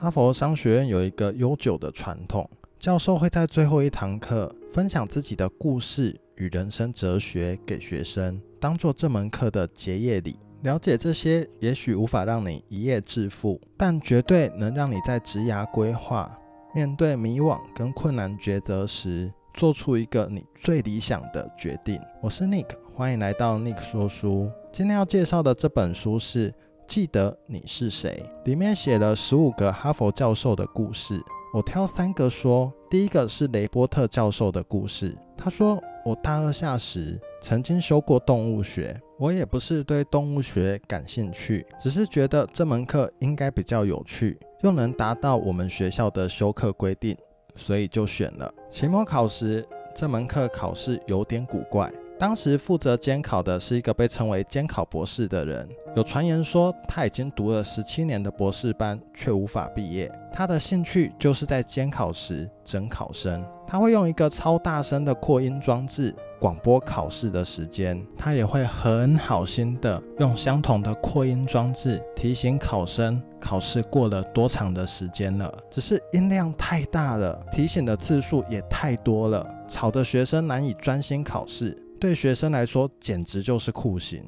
哈佛商學院有一個悠久的傳統，教授會在最後一堂課分享自己的故事與人生哲學給學生，當做這門課的結業禮。了解這些，也許無法讓你一夜致富，但絕對能讓你在職涯規劃、面對迷惘跟困難抉擇時，做出一個你最理想的決定。我是 Nick，歡迎來到 Nick 說書。今天要介紹的這本書是。記得你是誰，裡面寫了十五個哈佛教授的故事，我挑三個說。第一個是雷波特教授的故事。他說，我大二下時曾經修過動物學，我也不是對動物學感興趣，只是覺得這門課應該比較有趣，又能達到我們學校的修課規定，所以就選了。期末考時，這門課考試有點古怪。當時負責監考的是一個被稱為“監考博士”的人，有傳言說他已經讀了十七年的博士班卻無法畢業。他的興趣就是在監考時整考生，他會用一個超大聲的擴音裝置廣播考試的時間，他也會很好心的用相同的擴音裝置提醒考生考試過了多長的時間了，只是音量太大了，提醒的次數也太多了，吵得學生難以專心考試。對學生來說，簡直就是酷刑，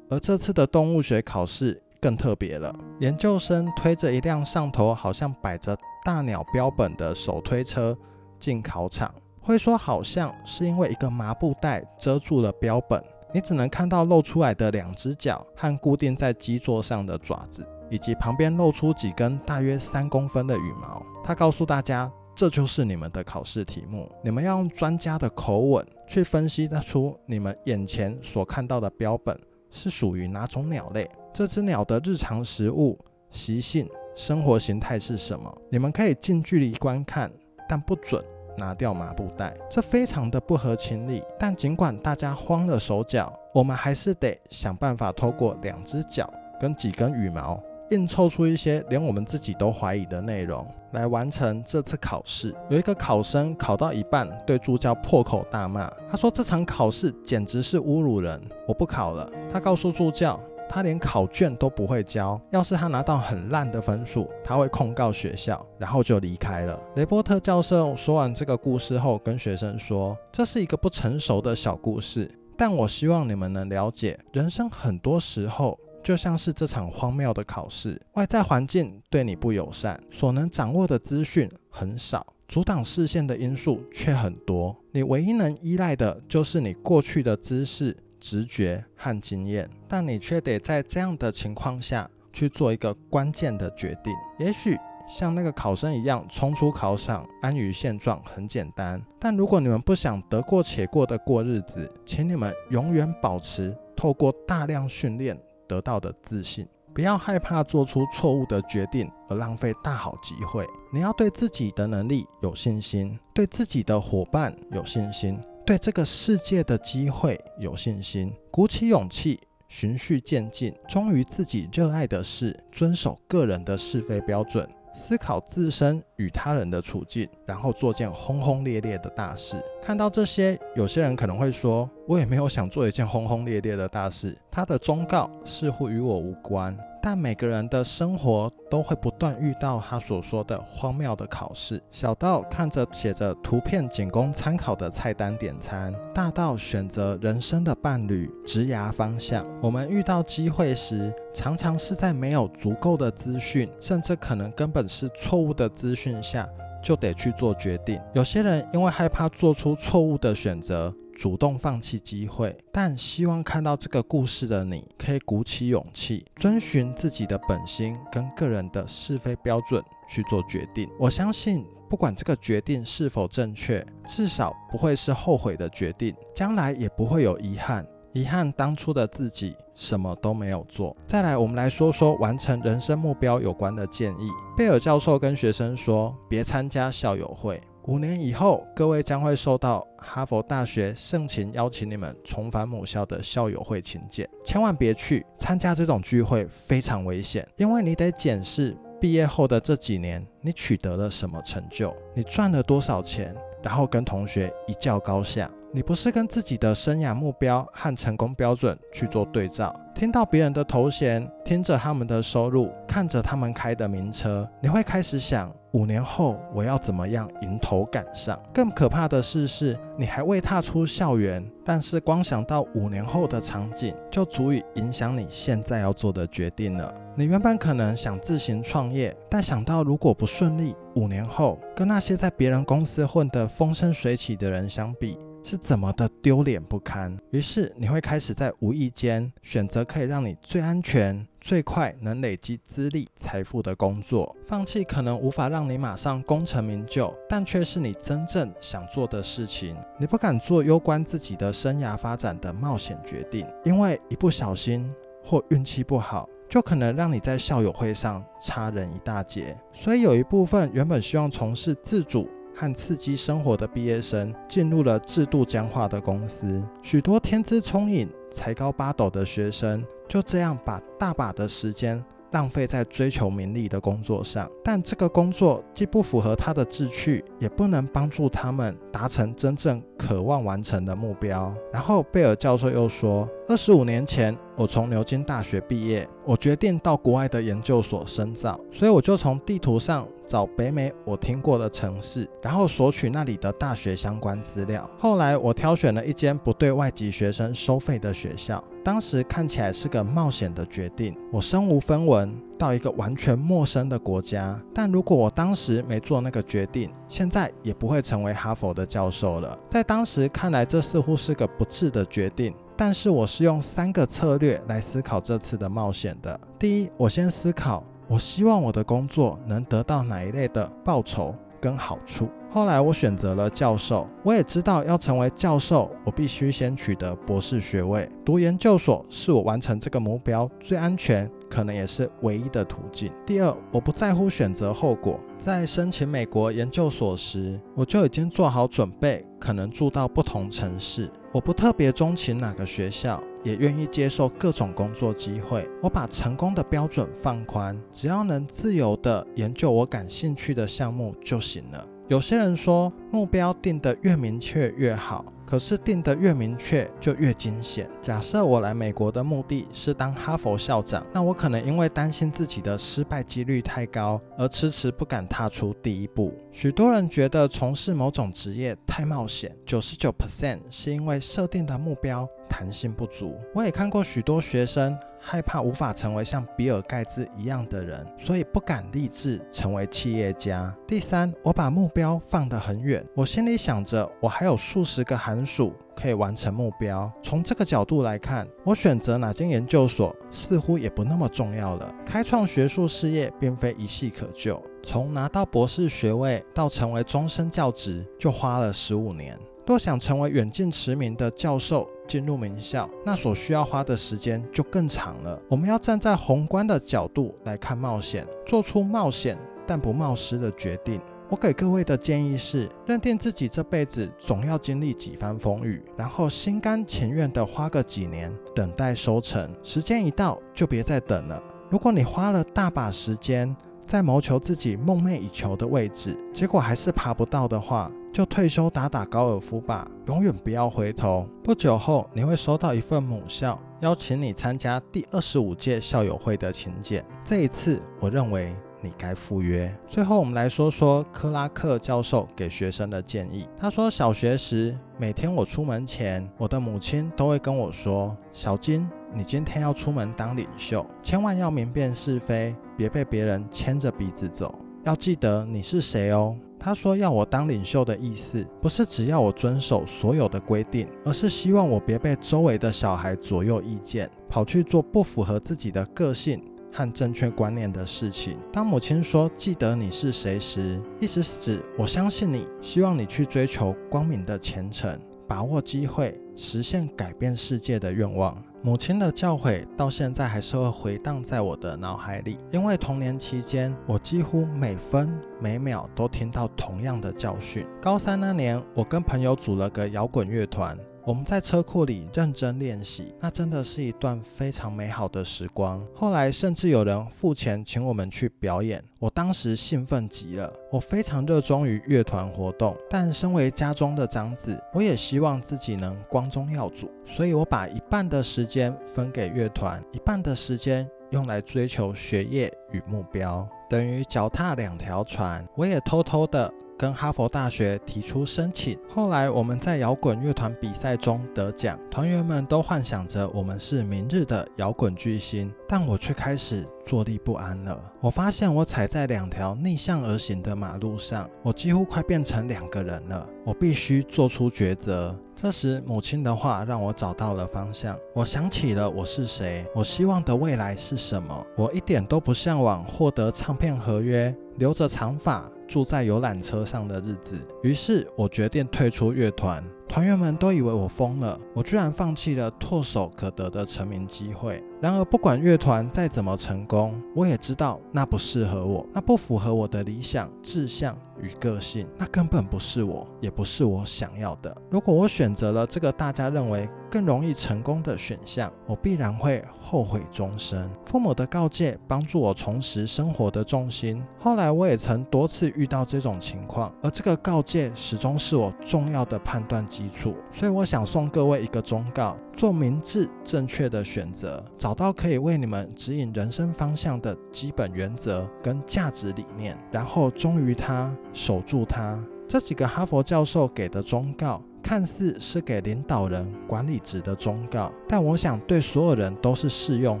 而這次的動物學考試更特別了。研究生推着一輛上頭好像擺着大鳥標本的手推車進考場，會說好像是因為一個麻布袋遮住了標本，你只能看到露出來的兩只腳和固定在基座上的爪子，以及旁邊露出幾根大約三公分的羽毛。他告訴大家。這就是你們的考試題目，你們要用專家的口吻去分析得出你們眼前所看到的標本是屬於哪種鳥類。這隻鳥的日常食物、習性、生活形態是什麼？你們可以近距離觀看，但不准拿掉麻布袋。這非常的不合情理，但儘管大家慌了手腳，我們還是得想辦法透過兩隻腳跟幾根羽毛，硬湊出一些連我們自己都懷疑的內容。來完成這次考試。有一個考生考到一半，對助教破口大罵。他說：“這場考試簡直是侮辱人，我不考了。”他告訴助教，他連考卷都不會交。要是他拿到很爛的分數，他會控告學校，然後就離開了。雷波特教授說完這個故事後，跟學生說：“這是一個不成熟的小故事，但我希望你們能了解，人生很多時候。”就像是這場荒謬的考試，外在環境對你不友善，所能掌握的資訊很少，阻擋視線的因素卻很多。你唯一能依賴的就是你過去的知識、直覺和經驗，但你卻得在這樣的情況下去做一個關鍵的決定。也許像那個考生一樣衝出考場，安於現狀很簡單。但如果你們不想得過且過的過日子，請你們永遠保持透過大量訓練得到的自信，不要害怕做出錯誤的決定而浪費大好機會。你要對自己的能力有信心，對自己的夥伴有信心，對這個世界的機會有信心。鼓起勇氣，循序漸進，忠於自己熱愛的事，遵守個人的是非標準。思考自身與他人的處境，然後做件轟轟烈烈的大事。看到這些，有些人可能會說：“我也沒有想做一件轟轟烈烈的大事。”他的忠告似乎與我無關。但每個人的生活都會不斷遇到他所說的荒謬的考試，小到看着寫着“圖片僅供參考”的菜單點餐，大到選擇人生的伴侶、職涯方向。我們遇到機會時，常常是在沒有足夠的資訊，甚至可能根本是錯誤的資訊下。就得去做決定。有些人因為害怕做出錯誤的選擇，主動放棄機會。但希望看到這個故事的你，可以鼓起勇氣，遵循自己的本心跟個人的是非標準去做決定。我相信，不管這個決定是否正確，至少不會是後悔的決定，將來也不會有遺憾。遺憾當初的自己什麼都沒有做。再來，我們來說說完成人生目標有關的建議。貝爾教授跟學生說：“別參加校友會。五年以後，各位將會收到哈佛大學盛情邀請你們重返母校的校友會請柬，千萬別去參加這種聚會，非常危險，因為你得檢視畢業後的這幾年你取得了什麼成就，你賺了多少錢，然後跟同學一較高下。”你不是跟自己的生涯目標和成功標準去做對照，聽到別人的頭銜，聽着他們的收入，看着他們開的名車，你會開始想：五年後我要怎麼樣迎頭趕上？更可怕的是，你還未踏出校園，但是光想到五年後的場景，就足以影響你現在要做的決定了。你原本可能想自行創業，但想到如果不順利，五年後跟那些在別人公司混得風生水起的人相比，是怎麼的丟臉不堪？於是你會開始在無意間選擇可以讓你最安全、最快能累積資歷、財富的工作，放棄可能無法讓你馬上功成名就，但卻是你真正想做的事情。你不敢做攸關自己的生涯發展的冒險決定，因為一不小心或運氣不好，就可能讓你在校友會上差人一大截。所以有一部分原本希望從事自主和刺激生活的畢業生進入了制度僵化的公司，許多天資聰穎、才高八斗的學生就這樣把大把的時間浪費在追求名利的工作上，但這個工作既不符合他的志趣，也不能幫助他們達成真正渴望完成的目標。然後貝爾教授又說：“二十五年前，我從牛津大學畢業，我決定到國外的研究所深造，所以我就從地圖上……”找北美我聽過的城市，然後索取那裡的大學相關資料。後來我挑選了一間不對外籍學生收費的學校，當時看起來是個冒險的決定。我身無分文，到一個完全陌生的國家。但如果我當時沒做那個決定，現在也不會成為哈佛的教授了。在當時看來，這似乎是個不智的決定。但是我是用三個策略來思考這次的冒險的。第一，我先思考。我希望我的工作能得到哪一類的報酬跟好處。後來我選擇了教授，我也知道要成為教授，我必須先取得博士學位。讀研究所是我完成這個目標最安全，可能也是唯一的途徑。第二，我不在乎選擇後果。在申請美國研究所時，我就已經做好準備，可能住到不同城市。我不特別鍾情哪個學校，也願意接受各種工作機會。我把成功的標準放寬，只要能自由地研究我感興趣的項目就行了。有些人說目標定得越明確越好，可是定得越明確就越驚險。假設我來美國的目的，是當哈佛校長，那我可能因為擔心自己的失敗幾率太高，而遲遲不敢踏出第一步。許多人覺得從事某種職業太冒險99，九十九 percent 是因為設定的目標。彈性不足。我也看過許多學生害怕無法成為像比爾蓋茨一樣的人，所以不敢立志成為企業家。第三，我把目標放得很遠，我心裡想着我還有數十個寒暑可以完成目標。從這個角度來看，我選擇哪間研究所似乎也不那麼重要了。開創學術事業並非一夕可就。從拿到博士學位到成為終身教職，就花了十五年。若想成為遠近馳名的教授，進入名校，那所需要花的時間就更長了。我們要站在宏觀的角度來看冒險，做出冒險但不冒失的決定。我給各位的建議是：認定自己這輩子總要經歷幾番風雨，然後心甘情願地花個幾年等待收成，時間一到就別再等了。如果你花了大把時間，在謀求自己夢寐以求的位置，結果還是爬不到的話，就退休打打高爾夫吧，永遠不要回頭。不久後，你會收到一份母校邀請你參加第二十五屆校友會的請柬。這一次，我認為。你該赴約。最後，我們來說說克拉克教授給學生的建議。他說，小學時每天我出門前，我的母親都會跟我說：“小金，你今天要出門當領袖，千萬要明辨是非，別被別人牽着鼻子走。要記得你是誰哦。”他說要我當領袖的意思，不是只要我遵守所有的規定，而是希望我別被周圍的小孩左右意見，跑去做不符合自己的個性。和正確觀念的事情。當母親說“記得你是誰”時，意思是指我相信你，希望你去追求光明的前程，把握機會，實現改變世界的願望。母親的教誨到現在還是會回蕩在我的腦海裡，因為童年期間我幾乎每分每秒都聽到同樣的教訓。高三那年，我跟朋友組了個搖滾樂團。我們在車庫裡認真練習，那真的是一段非常美好的時光。後來甚至有人付錢請我們去表演，我當時興奮極了。我非常熱衷於樂團活動，但身為家中的長子，我也希望自己能光宗耀祖，所以我把一半的時間分給樂團，一半的時間用來追求學業與目標，等於腳踏兩條船。我也偷偷的。跟哈佛大學提出申請。後來我們在搖滾樂團比賽中得獎，團員們都幻想着我們是明日的搖滾巨星，但我卻開始。坐立不安了。我發現我踩在兩條逆向而行的馬路上，我幾乎快變成兩個人了。我必須做出抉擇。這時，母親的話讓我找到了方向。我想起了我是誰，我希望的未來是什麼。我一點都不嚮往獲得唱片合約、留着長髮、住在遊覽車上的日子。於是，我決定退出樂團。團員們都以為我瘋了，我居然放棄了唾手可得的成名機會。然而，不管樂團再怎麼成功，我也知道那不適合我，那不符合我的理想、志向與個性，那根本不是我，也不是我想要的。如果我選擇了這個大家認為更容易成功的選項，我必然會後悔終生。父母的告誡幫助我重拾生活的重心。後來我也曾多次遇到這種情況，而這個告誡始終是我重要的判斷基礎。所以，我想送各位一個忠告：做明智、正確的選擇，找到可以為你們指引人生方向的基本原則跟價值理念，然後忠於它，守住它。這幾個哈佛教授給的忠告，看似是給領導人、管理者的忠告，但我想對所有人都是適用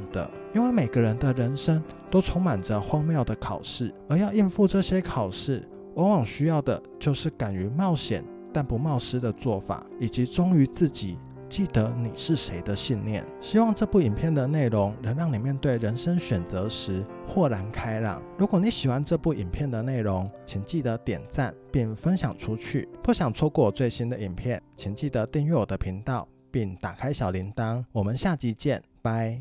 的。因為每個人的人生都充滿着荒謬的考試，而要應付這些考試，往往需要的就是敢於冒險但不冒失的做法，以及忠於自己。記得你是誰的信念，希望這部影片的內容能讓你面對人生選擇時豁然開朗。如果你喜歡這部影片的內容，請記得點贊並分享出去。不想錯過我最新的影片，請記得訂閱我的頻道並打開小鈴鐺。我們下集見，拜。